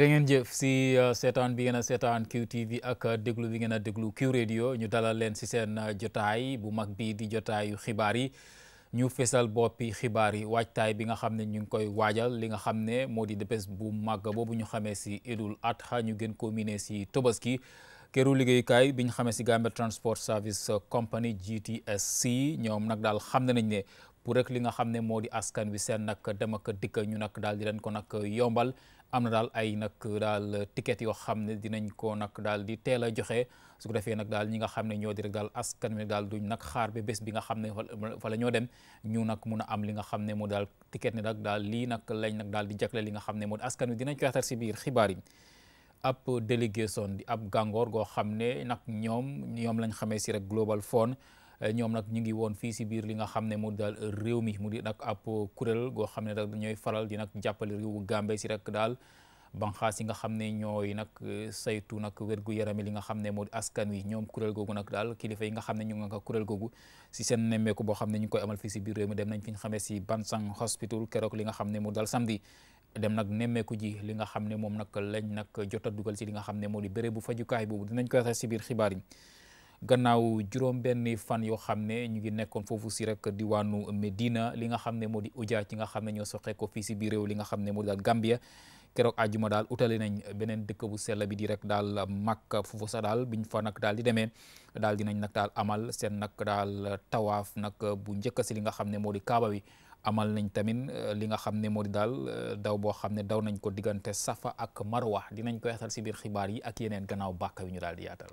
jërë ngeen jëf si euh, seetaan bi ngeen a seetaan QTV ak euh, déglu bi ngeen a déglu Q Radio ñu dalal leen si seen euh, jotaay bu mag bii di jotaayu xibaar yi ñu fesal boppi xibaar yi waajtaay bi nga xam ne ñu ngi koy waajal li nga xam ne moo di bés bu mag boobu ñu xamee si Idul Adha ñu gën ko miinee si Tobaski këru liggéeyukaay bi ñu xamee si Gambia Transport Service Company GTSC ñoom nag daal xam nañ ne pour rek li nga xam ne moo di askan wi seen nag dem ak ñu nag daal di leen ko nag yombal. am na daal ay nag daal ticket yoo xam ne dinañ ko nag daal di teel a joxe su ko defee nag daal ñi nga xam ne ñoo di rek daal askan mi daal duñ nag xaar ba bés bi nga xam ne fa la ñoo dem ñu nag mun a am li nga xam ne moo daal ticket ne nag daal lii nag lañ nag daal di jagle li nga xam ne moo di askan wi dinañ ko waxtaan si biir xibaar yi ab délégation di ab gàngoor goo xam ne nag ñoom ñoom lañ xamee si rek Global Fund ñoom nag ñu ngi woon fii si biir li nga xam ne mu daal réew mi mu di nag ab kuréel goo xam ne nag ñooy faral di nag jàppale réewu Gambie si rek daal banxaas yi nga xam ne ñooy nag saytu nag wérgu yarami li nga xam ne moo askan wi ñoom kuréel googu nag daal kilifa yi nga xam ne ñu nga kuréel googu si seen nemmeeku boo xam ne ñu ngi koy amal fii si biir réew mi dem nañ fi ñu xamee si Bansang Hospital keroog li nga xam ne mu daal samedi dem nag nemmeeku ji li nga xam ne moom nag lañ nag jota dugal si li nga xam ne moo di béréb bu fajukaay boobu dinañ koy waxee si biir xibaar yi gannaaw juróom benn fan yoo xam ne ñu ngi nekkoon foofu si rek diwaanu Medina li nga xam ne moo di uja ci nga xam ne ñoo soxee ko fii si biir réew li nga xam ne moo di daal Gambia keroog àjjuma daal utale nañ beneen dëkk bu sell bi di rek daal Makka foofu sax daal biñ fa nag daal di demee daal dinañ nag daal amal seen nag daal tawaaf nag bu njëkk si li nga xam ne moo di Kaaba wi amal nañ tamit eh, li nga xam ne moo di daal eh, daw boo xam ne daw nañ ko diggante Safa ak Marwa dinañ ko yaatal si biir xibaar yi ak yeneen gannaaw bàkk wi ñu daal di yaatal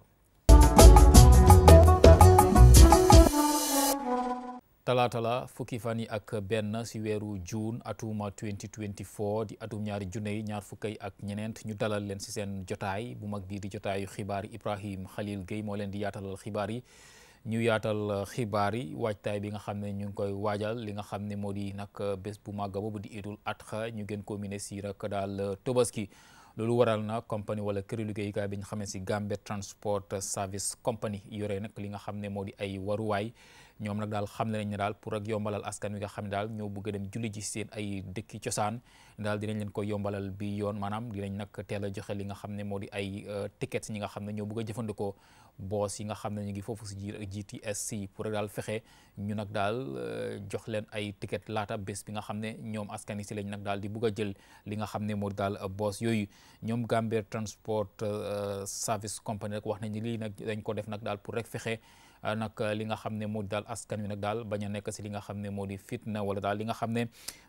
talaata la fukki fan yi ak benn si weeru juun atum 2024 di atum ñaari junne yi ñaar fukki ak ñeneent ñu dalal leen si seen jotaay bu mag bii di jotaayu xibaar yi Ibrahim Khalil Gueye moo leen di yaatalal xibaar yi ñu yaatal xibaar yi waajtaay bi nga xam ne ñu ngi koy waajal li nga xam ne moo di nag bés bu màgg boobu di idul adha ñu gën ko miné si rak daal tobaski loolu waral na compagnie wala këri liggéeyukaay bi ñu xamee si Gambia Transport Service Company yore nag li nga xam ne moo di ay waruwaay ñoom nag daal xam nañ ne daal pour rek yombalal askan wi nga xam ne daal ñoo bëgg a dem julli ji seen ay dëkki cosaan daal dinañ leen ko yombalal bi yoon maanaam dinañ nag teel a joxe li nga xam ne moo di ay euh, ñi nga xam ne ñoo bëgg jëfandikoo boos yi nga xam ne ñu ngi foofu si ji GTSC pour daal fexe ñu nag daal euh, jox leen ay ticket laata bés bi nga xam ne ñoom askani si lañ nag daal di bëgg a jël li nga xam ne moo di daal euh, boos yooyu ñoom Gambia Transport Service Company rek wax nañ ni lii nag dañ ko def nag daal pour rek fexe nag li nga xam ne moo di daal askan wi nag daal bañ a nekk si li nga xam ne moo di fitna wala daal li nga xam ne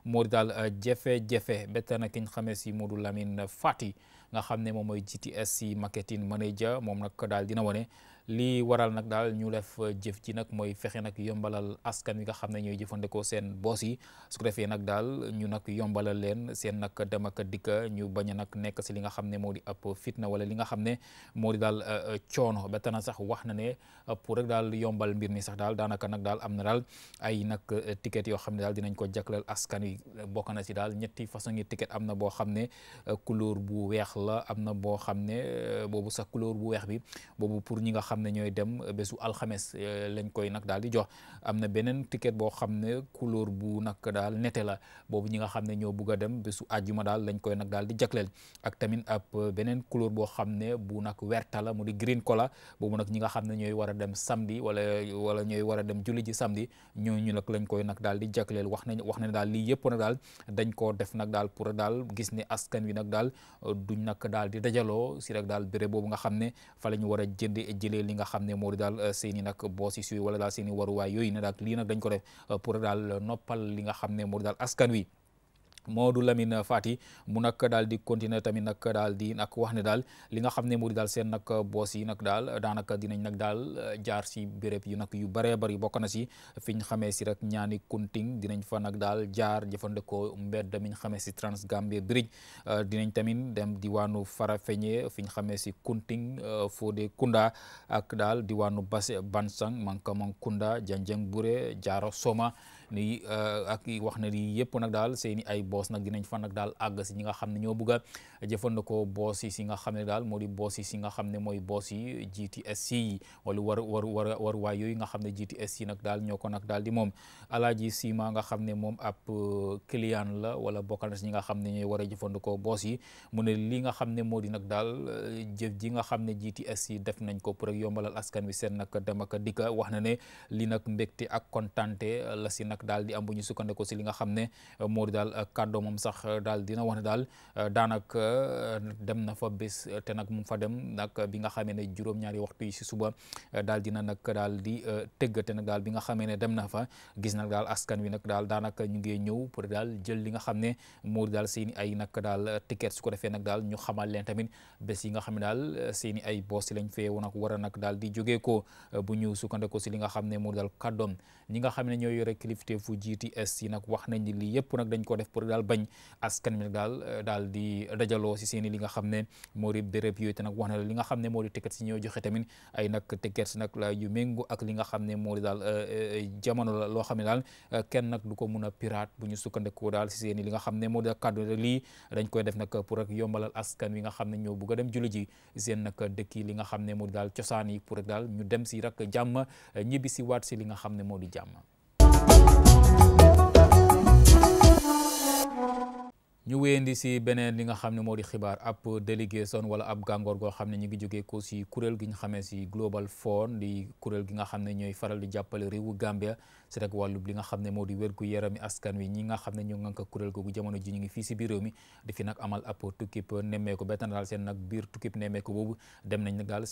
moo di daal euh, jafe-jafe bett na ki ñu xamee si Modou Lamine Fati nga xam ne moom mooy GTS si marketing manager moom nag daal dina wane. lii waral nag daal ñu def jëf ci nag mooy fexe nag yombalal askan wi nga xam ne ñooy jëfandikoo seen boos yi su ko defee nag daal ñu nag yombalal leen seen nag demaka ak dikk ñu bañ nag nekk si li nga xam ne moo di ab fitna wala li nga xam ne moo di daal euh, coono ba na sax wax na ne pour rek daal yombal mbir mi sax daal daanaka nag daal am na daal ay nag euh, ticket yoo xam ne daal dinañ ko jagleel askan wi bokk na si daal ñetti façon yi ticket am na boo xam ne euh, couleur bu weex la am na boo xam ne boobu sax couleur bu weex bi xam ne ñooy dem bésu alxames euh, lañ koy nag daal di jox am na beneen ticket boo xam ne couleur bu nag daal nete la boobu ñi nga xam ne ñoo bugg a dem bésu àjjuma daal lañ koy nag daal di jagleel ak tamit ab euh, beneen couleur boo xam ne bu nag werta la mu di green kola boobu nag ñi nga xam ne ñooy war a dem samedi wala wala ñooy war a dem julli ji samedi ñooñu nag lañ koy nag daal di jagleel wax nañ wax nañ daal lii yëpp nag daal dañ koo def nag daal pour daal gis ne askan wi nag daal euh, duñ nak daal di dajaloo si rek daal béréb boobu nga xam ne fa la ñu a jënd jëlee li nga xam ne moo di daal euh, seen i nag boosis yooyu wala daal seen i yooyu na daal lii nag dañ ko def euh, pour daal noppal li nga xam ne moo di daal askan wi moo Modou Lamine faati mu nag daal di continuer tamit nag daal di nag wax ne daal li nga xam ne moo di daal seen nag boos yi nag daal daanaka dinañ nag daal eh, jaar si béréb yu nag yu bëree bari bokk na si fi ñu xamee si rek ñaani kunting dinañ fa nag daal jaar jëfandikoo mbedd mi xame xamee si Transgambia Bridge eh, dinañ tamit dem diwaanu Farafeñe fi ñu xamee si kunting eh, Fodé Kunda ak daal diwaanu Basse Bansang Mankamang Kunda Janjang Bure Jaaro Soma. ni eh, ak wax na ni yëpp nag daal seen i ay boos nag dinañ fa nag daal àgg si ñi nga xam ne ñoo bëgg a jëfandikoo boos si nga xam ne daal moo di boos yi si nga xam ne mooy boos yi GTSC yi wala war war war waruwaay yooyu nga xam ne GTSC nag daal ñoo ko nag daal di moom alaaji Sima nga xam ne moom ab eh, client la wala bokkal na nga xam ne ñooy war a jëfandikoo boos yi mu ne li nga xam ne moo di nag daal eh, jëf ji nga xam ne GTSC def nañ ko pour yombalal askan wi seen nag dem dika dikka wax na ne li nag mbégte ak kontante la si nag nag daal di am bu ñu sukkandiku si li nga xam ne euh, moo di daal euh, kàddoo moom sax euh, daal dina wax ne daal daanaka dem na fa bés te nag mu fa dem nag bi nga xamee ne juróom-ñaari waxtu si suba daal dina nag daal di tëgg te bi nga xamee ne dem na fa gis nag daal askan wi nag daal daanaka ñu ngee ñëw pour daal jël li nga xam ne moo daal seen ay nag daal ticket su ko defee nag daal ñu xamal leen tamit bés yi nga xam ne daal seen ay boss lañ fee woon ak war a nag daal di jógee ko bu ñu sukkandiku si li nga xam ne moo daal kàddoom ñi nga xam ne ñoo yore kilifteefu GTS yi nag wax nañ ni lii yëpp nag dañ ko def pour daal bañ askan mi nag daal euh, daal di dajaloo si seen i li nga xam ne moo di béréb yooyu nag wax na li nga xam ne moo di ticket si joxe tamit ay nag ticket nag la yu méngu ak li nga xam ne moo di daal euh, euh, jamono la loo xam ne daal kenn nag du ko mun a piraat bu ñu sukkandekoo daal si seen i li nga xam ne moo di kàddu lii dañ koy def nag pour rek yombalal askan wi nga xam ne ñoo bugg a dem julli ji seen nag dëkk yi li nga xam ne moo di daal cosaan yi pour rek daal ñu dem si rek jàmm ñibbi si waat si li nga xam ne moo di jàmm ñu weendi si beneen li nga xam ne moo di xibaar ab délégation wala ab gàngoor goo xam ne ñu ngi jógee ko si kuréel gi ñu xamee si Global Fund di kuréel gi nga xam ne ñooy faral di jàppale réewu Gambia si rek wàllub li nga xam ne moo di wérgu yarami askan wi ñi nga xam ne ñu ngànk kuréel googu jamono ji ñu ngi fii si biir réew mi di fi nag amal ab tukkib nemmeeku bettan daal seen nag biir tukkib nemmeeku boobu dem nañ nag daal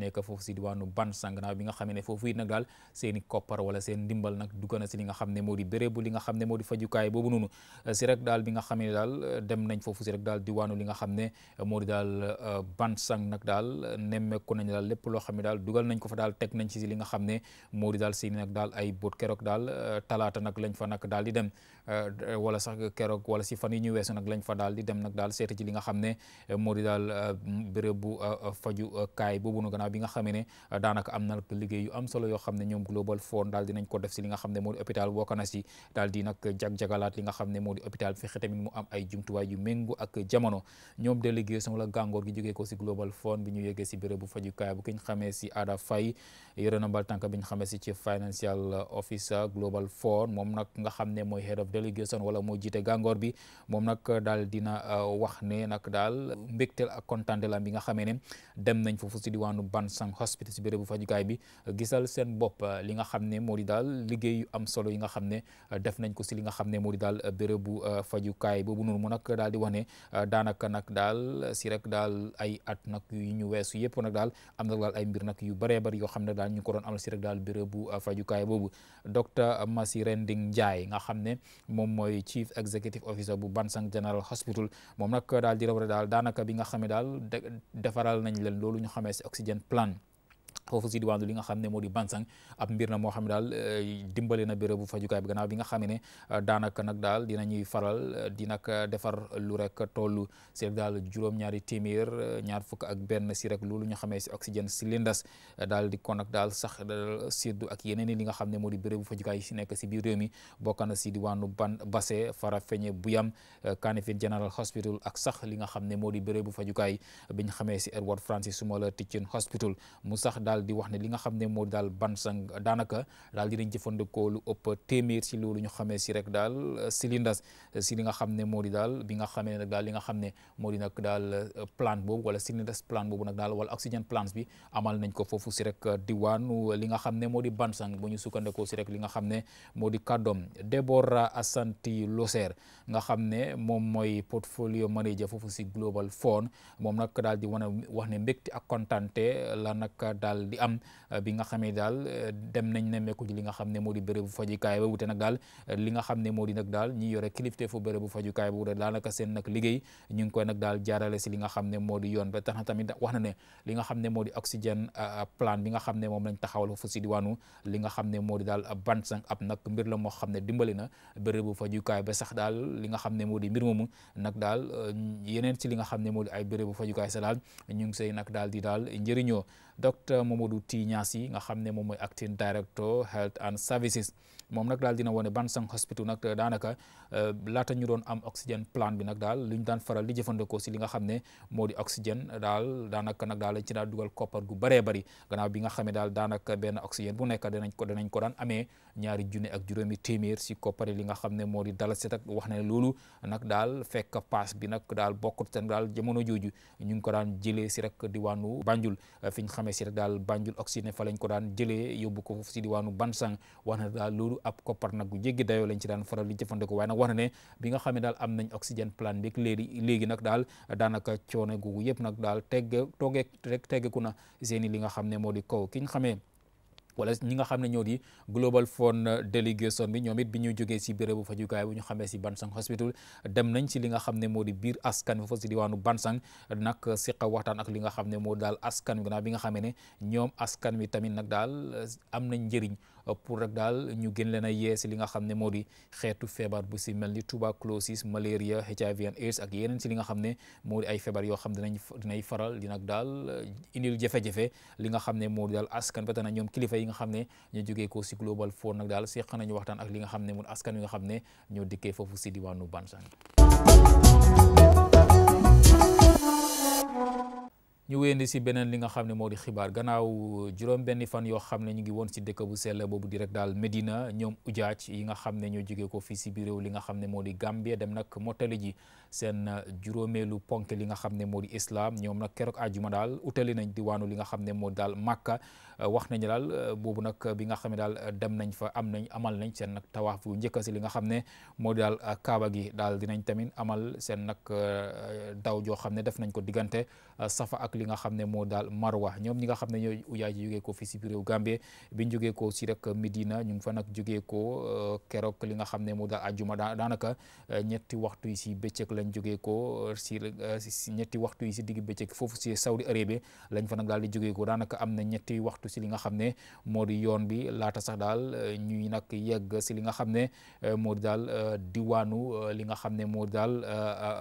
nekk foofu si diwaanu Bansang naaw ne foofu it nag daal seen i koppar wala seen ndimbal nag dugg na si ne moo di béréb bu li nga xam ne moo di fajukaay boobu noonu si nga xam ne daal dem nañ foofu si rek daal diwaanu li nga xam ne moo di daal euh, Bansang nag daal nemmeeku nañ daal lépp loo xam ne daal dugal nañ ko fa daal teg nañ si li nga xam ne moo di daal seen nag daal ay boot keroog daal euh, talaata nag lañ fa nag daal di dem euh, wala sax keroog wala si nag daal di li nga xam ne euh, moo di daal béréb bu faju kaay boobu nu gannaaw bi nga na liggéey yu am solo yoo xam ne ñoom Global Fund daal dinañ ko def si li nga xam ne moo di hôpital bokk na si daal di nag gi jógee ko si Global Fund bi ñu yegee si béréb bu faju kaay bu kiñ xamee si Ada Faye yore na mbal tànk bi xamee si ci financial special euh, officer euh, global forum moom nag nga xam ne mooy head of delegation wala moo jiite gàngoor bi moom nag daal dina euh, wax ne nag daal mbégteel ak kontaante la bi nga xamee ne dem nañ foofu si diwaanu Bansang hospital si bérébu fajukaay bi gisal seen bopp li nga xam ne moo di daal liggéey yu am solo yi nga xam ne def nañ ko si li nga xam ne moo di daal bérébu fajukaay boobu noonu mu nag daal di wax ne daanaka nag daal si rek daal ay at nag yu ñu weesu yëpp nag daal am na daal ay mbir nag yu bëree bëri yoo xam ne daal ñu ko doon amal si rek daal bérébu fajukaay jumtukaay boobu docteur Masirending Njie nga xam ne moom mooy chief executive officer bu Bansang General Hospital moom nag daal di raw daal daanaka bi nga xam ne daal defaral nañ leen loolu ñu xamee si oxygène plan foofu si diwaanu li nga xam ne moo di Bansang ab mbir na moo xam ne daal eh, dimbali na bérébu fajukaay bi gannaaw bi nga xam ne eh, daanaka nag daal dinañuy faral eh, di nag defar lu rek tollu daal juróom-ñaari téeméer ñaar fukk ak benn si rek loolu ñu xamee si oxygène cylindres daal di kon nag daal sax surtout ak yeneen li nga xam ne moo di bérébu fajukaay si nekk si biir réew mi bokk na si diwaanu ban Basse Farafeñe Buyam Kanifing General Hospital ak sax li nga xam ne moo di bérébu fajukaay bi ñu xamee si Edward Francis Small Teaching Hospital mu sax daal di wax ne li nga xam ne moo daal Bansang daanaka daal di nañ jëfandikoo lu ëpp téeméer si loolu ñu xamee si rek daal euh, cylindres si euh, li nga xam ne moo di daal bi nga xamee nag daal li nga xam ne moo di nag daal euh, plante boobu wala cylindres plante boobu nag daal wala oxygène plants bi amal nañ ko foofu si rek diwaanu li nga xam ne moo di Bansang bu ñu sukkandikoo si rek li nga xam ne moo di kàddoom Deborah Assanti Loser nga xam ne moom mooy portfolio manager foofu si Global Fund moom nag daal di wan a wax kontante la nag daal daal di am euh, bi nga xamee daal euh, dem nañ nemmeeku ci li nga xam ne moo di bérébu fajukaay ba wute nag daal euh, li nga xam ne moo di nag daal ñi yore kilifte fu bérébu fajukaay ba wute daanaka seen nag liggéey ñu ngi koy nag daal jaarale si li nga xam ne moo di yoon ba tax wax na ne li nga xam ne moo di oxygène plan bi nga xam ne moom lañ taxawal foofu si diwaanu li nga xam ne moo di daal bansang ab nag mbir la moo xam ne dimbali na bérébu fajukaay ba sax daal li nga xam ne moo di mbir moomu nag daal yeneen si li nga xam ne moo di ay bérébu fajukaay sa daal ñu ngi say nag daal di daal njëriñoo docteur Mamadou Ty Niasse nga xam ne moom mooy acting director health and services moom nag daal dina wone Bansang Hospital nag euh, daanaka euh, laata ñu doon am oxygène plan bi nag daal lu ñu daan faral di jëfandikoo si li nga xam ne moo di oxygène daal daanaka nag daal lañ ci daal dugal koppar gu bëree bëri gannaaw bi nga xamee daal daanaka benn oxygène bu nekk danañ ko danañ ko daan amee ñaari junne ak juróomi téeméer si koppari li nga xam ne moo di dalaset ak wax ne loolu nag daal fekk paas bi nag daal bokkut seen daal jamono jooju ñu ngi ko daan jëlee si rek diwaanu Banjul fi ñu xamee si rek daal Banjul oxygène fa lañ ko daan jëlee yóbbu ko si di Bansang wax ne ab koppar nag gu jéggi dayoo lañ ci daan faral di jëfandikoo waaye nag wax na ne bi nga xam ne daal am nañ oxygène plan bi léegi nag daal daanaka coono googu yëpp nag daal tegge toogee rek teggeeku na seeni li nga xam ne moo di kaw ki nga xamee wala ñi nga xam ne ñoo di global fund delegation bi ñoom it bi ñu jógee si bérébu fajukaay bu ñu xamee si Bansang hospital dem nañ si li nga xam ne moo di biir askan wi fa si diwaanu Bansang nag siqa waxtaan ak li nga xam ne moo daal askan wi gannaaw bi nga xamee ne ñoom askan wi tamit nag daal am nañ njëriñ pour rek daal ñu gën leen a yee si li nga xam ne moo di xeetu feebar bu si mel ni tuberculose malaria HIV and AIDS ak yeneen si li nga xam ne moo di ay feebar yoo xam dinañ dinay faral di nag daal indil jafe-jafe li nga xam ne moo di daal askan ba tax na ñoom kilifa yi nga xam ne ñu jógee ko si global forum nag daal seq nañu waxtaan ak li nga xam ne moo askan wi nga xam ne ñoo dikkee foofu si diwaanu Banjang ñu wéyandi si beneen li nga xam ne moo di xibaar gannaaw euh, juróom benni fan yoo xam ne ñu ngi woon si dëkk bu sell boobu di rek daal Medina ñoom ujaaj yi nga xam ne ñoo jógee ko fii si biir réew li nga xam ne moo di Gambie dem nag mottali ji seen euh, juróomeelu ponk li nga xam ne moo di islam ñoom nag keroog àjjuma daal utali nañ diwaanu li nga xam ne moo daal Màkka euh, wax nañ daal boobu nag bi nga xam ne daal dem nañ fa am nañ amal nañ seen nag tawaaf bu njëkk si li nga xam ne moo di daal Kaaba gi daal dinañ tamit amal seen nag daw joo xam ne def nañ ko diggante li nga xam ne moo daal Marwa ñoom ñi nga xam ne ñooy ujaay ji jógee ko fii si réew Gambie bi ñu jógee ko si rek Medina ñu ngi fa nag jógee ko euh, li nga xam ne moo daal ajuma daanaka euh, ñetti waxtu yi si bëccëg lañ jógee ko euh, si ñetti waxtu yi si digg bëccëg foofu si Saudi Arabie lañ fa nag daal di jógee ko daanaka am na ñetti waxtu si li nga xam ne moo di yoon bi laata sax daal ñuy nag yegg si li nga xam ne moo di daal diwaanu li nga xam ne moo daal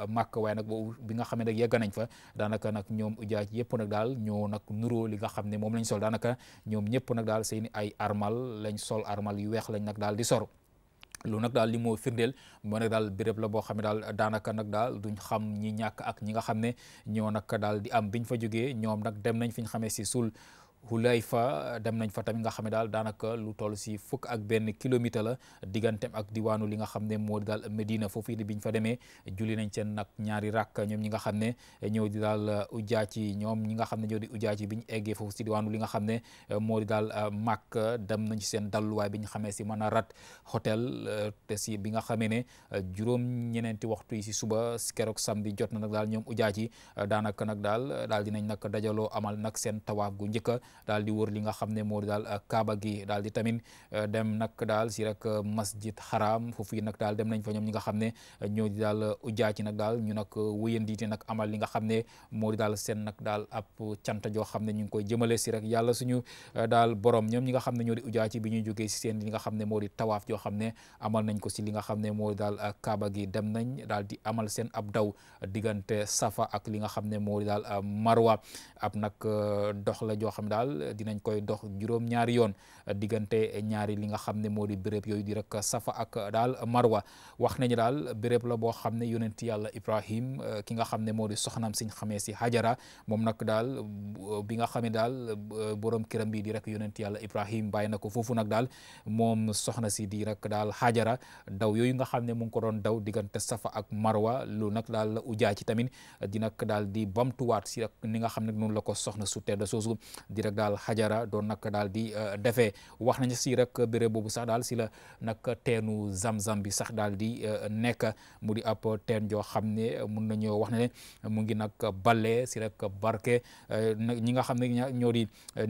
màkk waaye nag bi nga xam ne nag yegg nañ fa daanaka nag ñoom mariage yëpp nag daal ñoo nag nuroo li nga xam ne moom lañ sol daanaka ñoom ñëpp nag daal seen ay armal lañ sol armal yu weex lañ nag daal di sor loolu nag daal li moo firndeel moo nag daal béréb la boo xam ne daal daanaka nag daal duñ xam ñi ñàkk ak ñi nga xam ne ñoo nag daal di am biñ fa jógee ñoom nag dem nañ fi ñu si suul Hulayfa dem nañ fa tamit nga xam ne daal daanaka lu toll si fukk ak benn kilomètre la digganteem ak diwaanu li nga xam ne moo di daal Medina foofu it bi ñu fa demee julli nañ seen nag ñaari rakk ñoom ñi nga xam ne ñëw di daal ujaaci ñoom ñi nga xam ne ñoo di ujaaci bi ñu eggee foofu si diwaanu li nga xam ne moo di daal màkk dem nañ seen dalluwaay bi ñu xamee si Manarat hôtel te si bi nga xamee ne juróom ñeneenti waxtu yi si suba keroog samedi jot na nag daal ñoom ujaaci daanaka nag daal daal dinañ nag dajaloo amal nag seen tawaaf gu njëkka daal di woor li nga xam ne moo daal euh, kaaba gi daal di tamit euh, dem nag daal si rek euh, masjid haram foofu yi nag daal dem nañ fa ñoom ñi nga xam ne ñoo di daal ujaa ci nag daal ñu nag wëyandiite nag amal li nga xam ne moo di daal seen nag daal ab cant joo xam ne ñu ngi koy jëmale si rek yàlla suñu daal borom ñoom ñi nga xam ne ñoo di ujaa bi ñuy jógee si seen li nga xam ne moo di tawaaf joo xam ne amal nañ ko si li nga xam ne moo di daal kaaba gi dem nañ daal di amal seen ab daw diggante safa ak li nga xam ne moo di daal marwa ab nag dox la joo xam ne Sénégal dinañ koy dox juróom-ñaari yoon diggante ñaari li nga xam ne moo di béréb yooyu di rek safa ak daal marwa wax nañu daal béréb la boo xam ne yonent yàlla ibrahim euh, ki nga xam ne moo di soxnaam siñ xamee si hajara moom nag daal euh, bi nga xam ne daal euh, borom kiram bi di rek yonent yàlla ibrahim bàyyi na ko foofu nag daal moom soxna si di rek daal hajara daw yooyu nga xam ne mu ngi ko doon daw diggante safa ak marwa lu nag daal la ujaa ci tamit di nag daal di bamtuwaat si rek ni nga xam ne noonu la ko soxna su tedd soosu di rek daal hajara doon nag daal di defee wax nañ si rek béréb boobu sax daal si la nag teenu zam-zam bi sax daal di euh, nekk mu di ab teen joo xam ne mun nañoo wax ne mu ngi nag bale si rek barke euh, ñi nga xam ne ñoo di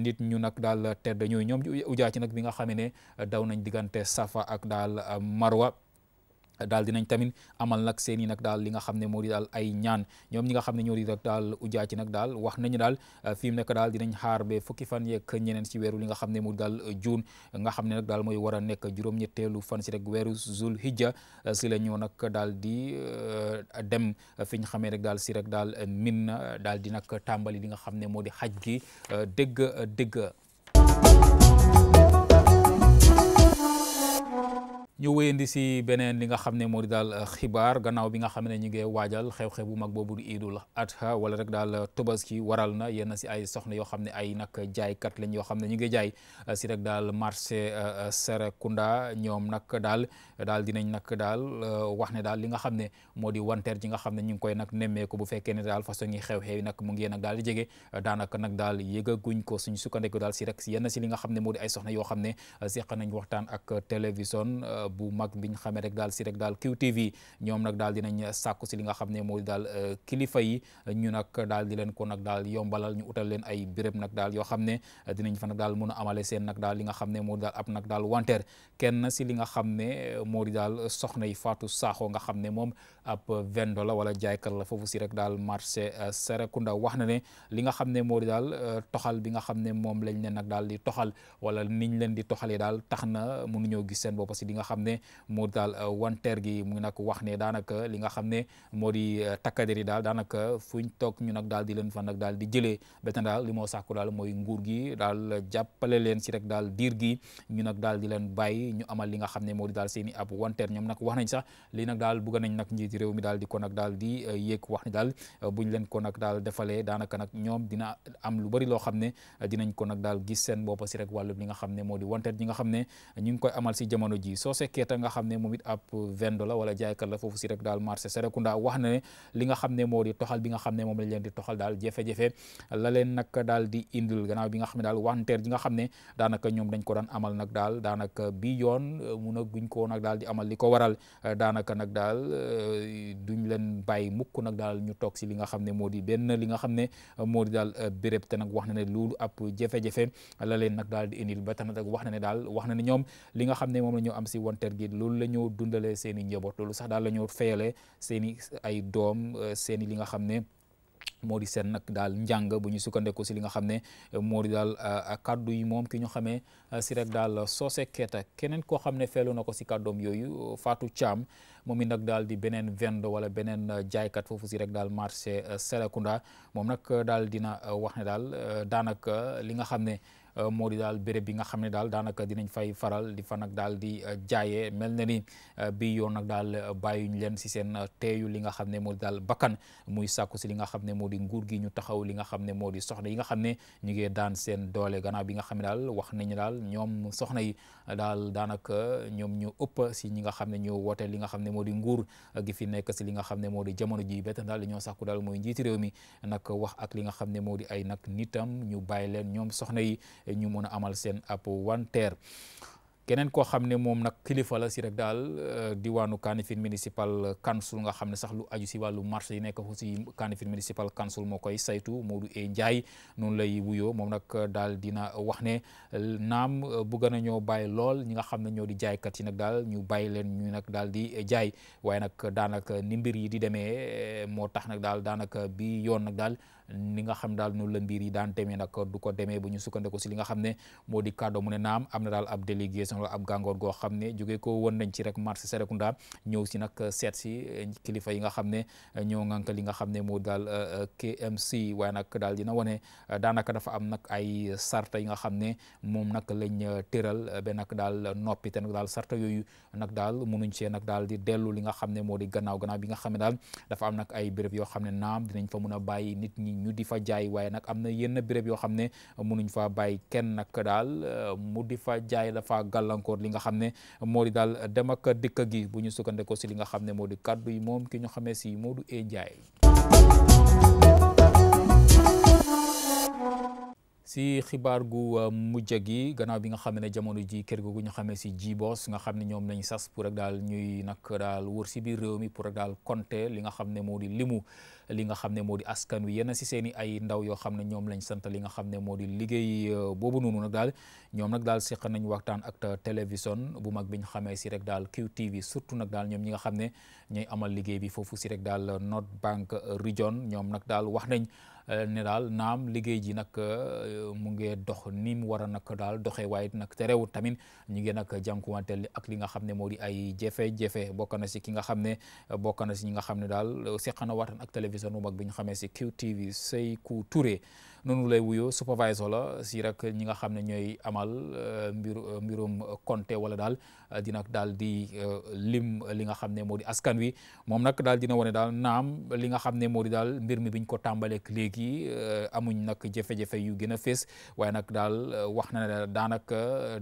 nit ñu nag daal tedd ñooyu ñoom ujaa ci nag bi nga xam ne daw nañ diggante Safa ak daal Marwa daal dinañ tamit amal nag seen i nag daal li nga xam ne moo di daal ay ñaan ñoom ñi nga xam ne ñoo di nag daal ujaa ci nag daal wax nañu daal euh, fi mu nekk daal dinañ xaar be fukki fan yeeg ñeneen si weeru li nga xam ne moo di daal juun nga xam ne nag daal mooy war a nekk juróom-ñetteelu fan si rek weeru zul hijja euh, si la ñu nag daal di euh, dem fi xamee rek daal si rek daal min daal di nag tàmbali li nga xam ne moo di xaj gi dëgg dëgg ñu wéyandi si beneen li nga xam ne moo di daal xibaar gannaaw bi nga xam ne ñu ngi waajal xew-xew bu mag boobu di iidul adha wala rek daal tobaski waral na yenn si ay soxna yoo xam ne ay nag jaaykat lañ yoo xam ne ñu ngi jaay uh, si rek daal marché uh, uh, Serekunda ñoom nag daal daal dinañ nak daal wax ne daal li nga xam ne moo di wanteer ji nga xam ne ñu ngi koy nag nemmeeku bu fekkee ne daal façon yi xew-xew yi nag mu ngi nag di jege daanaka nag daal yëgaguñ ko suñu sukkandiku daal si rek yenn si li nga xam ne moo di ay soxna yoo xam ne seq nañ waxtaan ak télévision bu mag bi ñu xamee rek daal si rek daal QTV ñoom nag daal dinañ sàkku si li nga xam ne di daal euh, kilifa yi ñu nag daal di leen ko nag daal yombalal ñu utal leen ay béréb nag daal yoo xam ne dinañ fa nag daal mën a amale seen li nga ne moo di daal ab nag daal wanteer kenn si li nga xam ne moo di daal soxna yi Fatou Sakho nga xam ne moom ab vendo la wala jaaykat la foofu si rek daal marché euh, Serekunda wax na ne li nga xam ne moo di daal euh, toxal bi nga xam ne moom lañ leen nag daal di toxal wala niñ leen di toxalee xam ne moo daal euh, wanteer gi mu nag wax ne daanaka li nga xam ne moo di euh, takkader yi daal daanaka fuñ toog ñu nag daal di leen fan nag daal di jëlee bétan daal li moo sàkku daal mooy nguur gi daal jàppale leen si rek daal diir gi ñu nag daal di leen bàyyi ñu amal li nga xam ne moo di daal seen i ab wanteer ñoom nag wax nañ sax lii nag daal bëgg nañ nag njiiti réew mi daal di ko nag daal di euh, yéeg wax ne daal buñ leen ko nag daal defalee daanaka nag ñoom dina am lu bari loo xam ne dinañ ko nag daal gis seen bopp si rek wàllu li nga xam ne moo di wanteer ñi nga xam ne ñu ngi koy amal si jamono ji soose Keita nga xam ne moom it ab vendo la wala jaaykat la foofu si rek daal marché Serekunda wax na ne li nga xam ne bi nga xam ne moom lañ leen di toxal ne daal wanteer bi dañ ko daan amal nag daal daanaka bi yoon euh, mun a guñ koo nag daal di amal li ko waral euh, daanaka nag daal euh, duñ leen bàyyi mukk nag daal ñu toog si li nga xam ne moo di benn li nga xam ne moo daal béréb te wax na ne loolu ab jafe-jafe leen nag daal di indil ba tax wax na daal wanteer gi loolu la ñu dundalee seen i njaboot loolu sax daal la ñu fayalee seen ay doom euh, seen li nga xam ne moo di seen nag daal njàng bu ñu sukkandeku si li nga xam ne euh, moo di daal euh, kaddu yi moom ki ñu xame si rek daal soose keeta keneen koo xam ne feelu na ko si kàddoom yooyu Fatou Thiam moom i nag daal di beneen vendo wala beneen jaaykat foofu si rek daal marché Serekunda moom nag daal dina wax ne daal daanaka li nga xam ne moo di daal béréb bi nga xam ne daal daanaka dinañ fay faral di fa nag daal di jaayee mel na ni bi yoon nag daal bàyyuñ leen si seen teeyu li nga xam ne moo di daal bakkan muy sàkku si li nga xam ne moo di nguur gi ñu taxaw li nga xam ne moo di soxna yi nga xam ne ñu ngi daan seen doole gannaaw bi nga xam ne daal wax nañu daal ñoom soxna yi daal daanaka ñoom ñu ëpp si ñi nga xam ne ñoo woote li nga xam ne moo di nguur gi fi nekk si li nga xam ne moo di jamono ji bett daal li ñoo sàkku daal mooy njiiti réew mi nag wax ak li nga xam ne moo di ay nag nitam ñu bàyyi leen ñoom soxna yi ñu mun a amal seen ab wanteer keneen koo xam ne moom nag kilifa la si rek daal euh, diwaanu Kanifing municipal council nga xam ne sax lu aju si wàllu marché yi nekk foofu si Kanifing municipal council moo koy saytu Modou E Ndiaye noonu lay wuyoo moom nag daal dina wax ne naam euh, bëgg nañoo bàyyi lool ñi nga xam ne ñoo di jaaykat yi nag daal ñu bàyyi leen ñu nag daal di jaay waaye nag daanaka ni mbir yi di demee euh, moo tax nag daal daanaka bi yoon nag daal ni nga xam daal noonu la mbir yi daan demee nag du ko demee bu ñu sukkandiku si li nga xam ne moo di kàddo mu ne naam am na daal ab délégation ab gàngoor goo xam ne jóge ko woon nañ ci rek marché Serekunda ñëw si nag seet si eh, kilifa yi nga xam ne eh, ñoo ngànk li nga xam ne moo daal eh, KMC waaye nag daal dina wane daanaka dafa am nag ay sarta yi xam ne moom nag lañ tëral ba nag daal noppi te nag daal sarta yooyu nag daal munuñ see nag daal di dellu li nga xam ne moo di gannaaw gannaaw bi nga xam ne daal dafa am nag ay béréb yoo xam ne naam dinañ fa mun a bàyyi nit ñi ñu di fa jaay waaye nag am na yenn béréb yoo xam ne munuñ faa bàyyi kenn nag daal mu di fa jaay dafa gàllankoor li nga xam ne moo di daal dem ak gi bu ñu sukkandekoo si li nga xam ne moo di kàddu yi moom ki ñu xamee si Modou E Ndiaye si xibaar gu uh, mujj gi gannaaw bi nga xam ne jamono ji kër googu ñu xamee si Jibos nga xam ne ñoom lañ sas pour rek daal ñuy nag daal wër si biir réew mi pour rek daal compter li nga xam ne moo di limu. li nga xam ne moo di askan wi yenn si seen i ay ndaw yoo xam ne ñoom lañ sant li nga xam ne moo di liggéey euh, boobu noonu nag daal ñoom nag daal seq nañ waxtaan ak télévision bu mag bi ñu xamee si rek daal QTV surtout nag daal ñoom ñi nga xam ne ñooy amal liggéey bi foofu si rek daal North Bank Region ñoom nag daal wax nañ Euh, ne daal naam liggéey ji nag euh, mu ngi dox ni mu war a nag daal doxee waaye nag terewut tamit ñu ngi nag jànkuwanteel ak li nga xam ne moo di ay jafe-jafe bokk na si ki nga xam ne bokk si ñi nga xam ne daal seqana waxtaan ak télévision bu mag bi ñu xamee si QTV Sékou Touré noonu lay wuyoo supervisor la si rek ñi nga xam ne ñooy amal euh, mbir euh, mbirum compté wala daal euh, dina daal di lim li nga xam ne moo di askan wi moom nag daal dina wane daal naam li nga xam ne moo di daal mbir mi biñ ko tàmbaleek léegi amuñ nag jafe-jafe yu gën a fees waaye nag daal wax na ne daanaka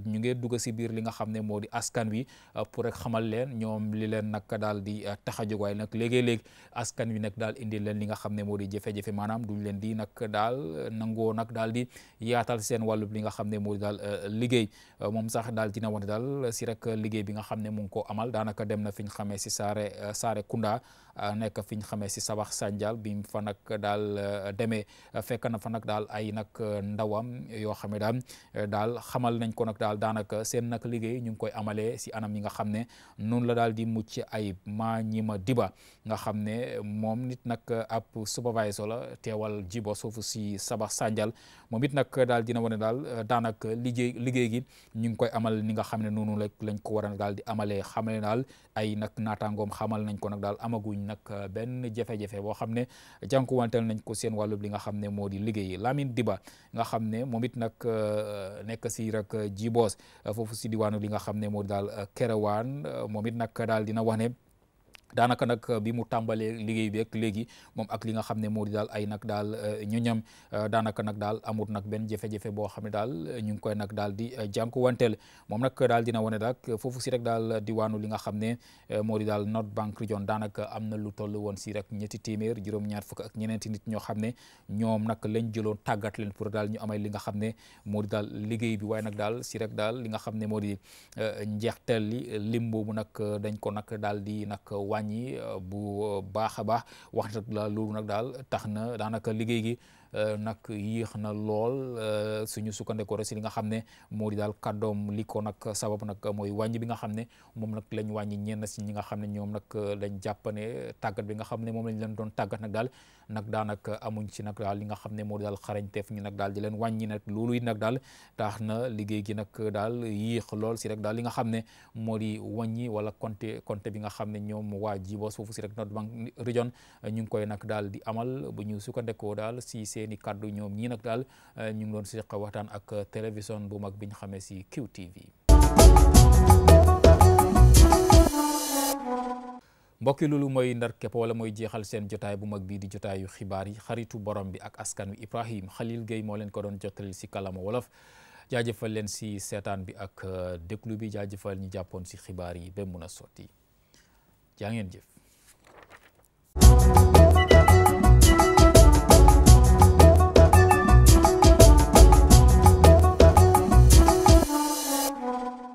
ñu ngi dugg si biir li nga xam ne moo di askan wi pour rek xamal leen ñoom li leen nag daal di tax a jóg waaye nag léegi-léeg askan wi nag daal indi leen li nga xam ne moo di jafe maanaam duñ leen di nag daal nangoo nag daal di yaatal seen wàllub li nga xam ne moo di daal euh, liggéey euh, moom sax daal dina wone daal si rek liggéey bi nga xam ne mu ko amal daanaka dem na fi ñu xamee si saare euh, saare Kunda Euh, nekk fi ñu xamee si sabax sànjal bi fa nag daal euh, deme fekk na fa nag daal ay nag euh, ndawam yoo xam ne daal daal xamal nañ ko nag daal daanaka seen nag liggéey ñu ngi koy amalee si anam yi nga xam ne noonu la daal di mucc ayib maa ñi ma diba nga xam ne moom nit nag ab supervisor la teewal jibo suufu si sabax sànjal moom it nag daal dina wane daal daanaka liggéey liggéey gi ñu ngi koy amal ni nga xam ne noonu lañ ko war a daal di amalee xamale daal ay nag naataangoom xamal nañ ko nag daal amaguñ nag euh, benn jafe-jafe boo xam ne jànkuwantal nañ ko seen wàllub li nga xam ne moo di liggéey Lamine Diba nga xam ne moom it nag euh, nekk si rek euh, jiboos foofu si diwaanu li nga xam ne moo di daal kerewaan moom it nag daal dina wax ne daanaka nag euh, bi mu tàmbalee liggéey bi ak léegi moom ak li nga xam ne moo di daal ay nag daal euh, ñu ñam euh, daanaka nag daal amut nag benn jafe-jafe boo xam ne daal ñu ngi koy nag daal di jànkuwanteel moom nag daal dina wane daal foofu si rek daal diwaanu li nga xam ne moo di daal North Bank Region daanaka am na lu toll woon si rek ñetti téeméer juróom fukk ak ñeneenti nit ñoo xam ne ñoom nag lañ jëloon tàggat leen pour daal ñu amay li nga xam ne moo daal liggéey bi waaye nag daal si rek daal li nga xam ne moo di njeexteel li lim boobu nag dañ ko nag daal di nag wàññi euh, bu euh, baax a baax wax nag la loolu nag daal tax na daanaka liggéey gi euh, nag yéex na lool suñu sukkandekoo si li nga xam ne moo di daal kàddoom li ko nag sabab nag mooy wàññi bi nga xam ne moom nag lañ wàññi ñenn si ñi nga xam ne ñoom nag lañ jàpp ne tàggat bi nga xam ne moom lañ leen doon tàggat nag daal nag daanaka amuñ ci nag daal li nga xam ne moo daal xarañteef ñi nag daal di leen wàññi nag loolu it nag daal taax na liggéey gi nag daal yéex lool si rek daal li nga xam ne moo di waññi wala conté compte bi nga xam ne ñoom waa Djibos foofu si rek North Bank Region ñu ngi koy nag daal di amal bu ñu sukkandekoo daal si seen i kaddu ñoom ñii nag daal ñu ngi doon seq waxtaan ak télévision bu mag bi ñu xamee si QTV. mbokki loolu mooy ndar képp wala mooy jeexal seen jotaay bu mag bii di jotaayu xibaar yi xaritu borom bi ak askan wi Ibrahim Khalil Gueye moo leen ko doon jottalil si kàllaama wolof jaajëfal leen si seetaan bi ak euh, déglu bi jaajëfal ñi jàppoon si xibaar yi ba mun a sotti jaa ngeen jëf.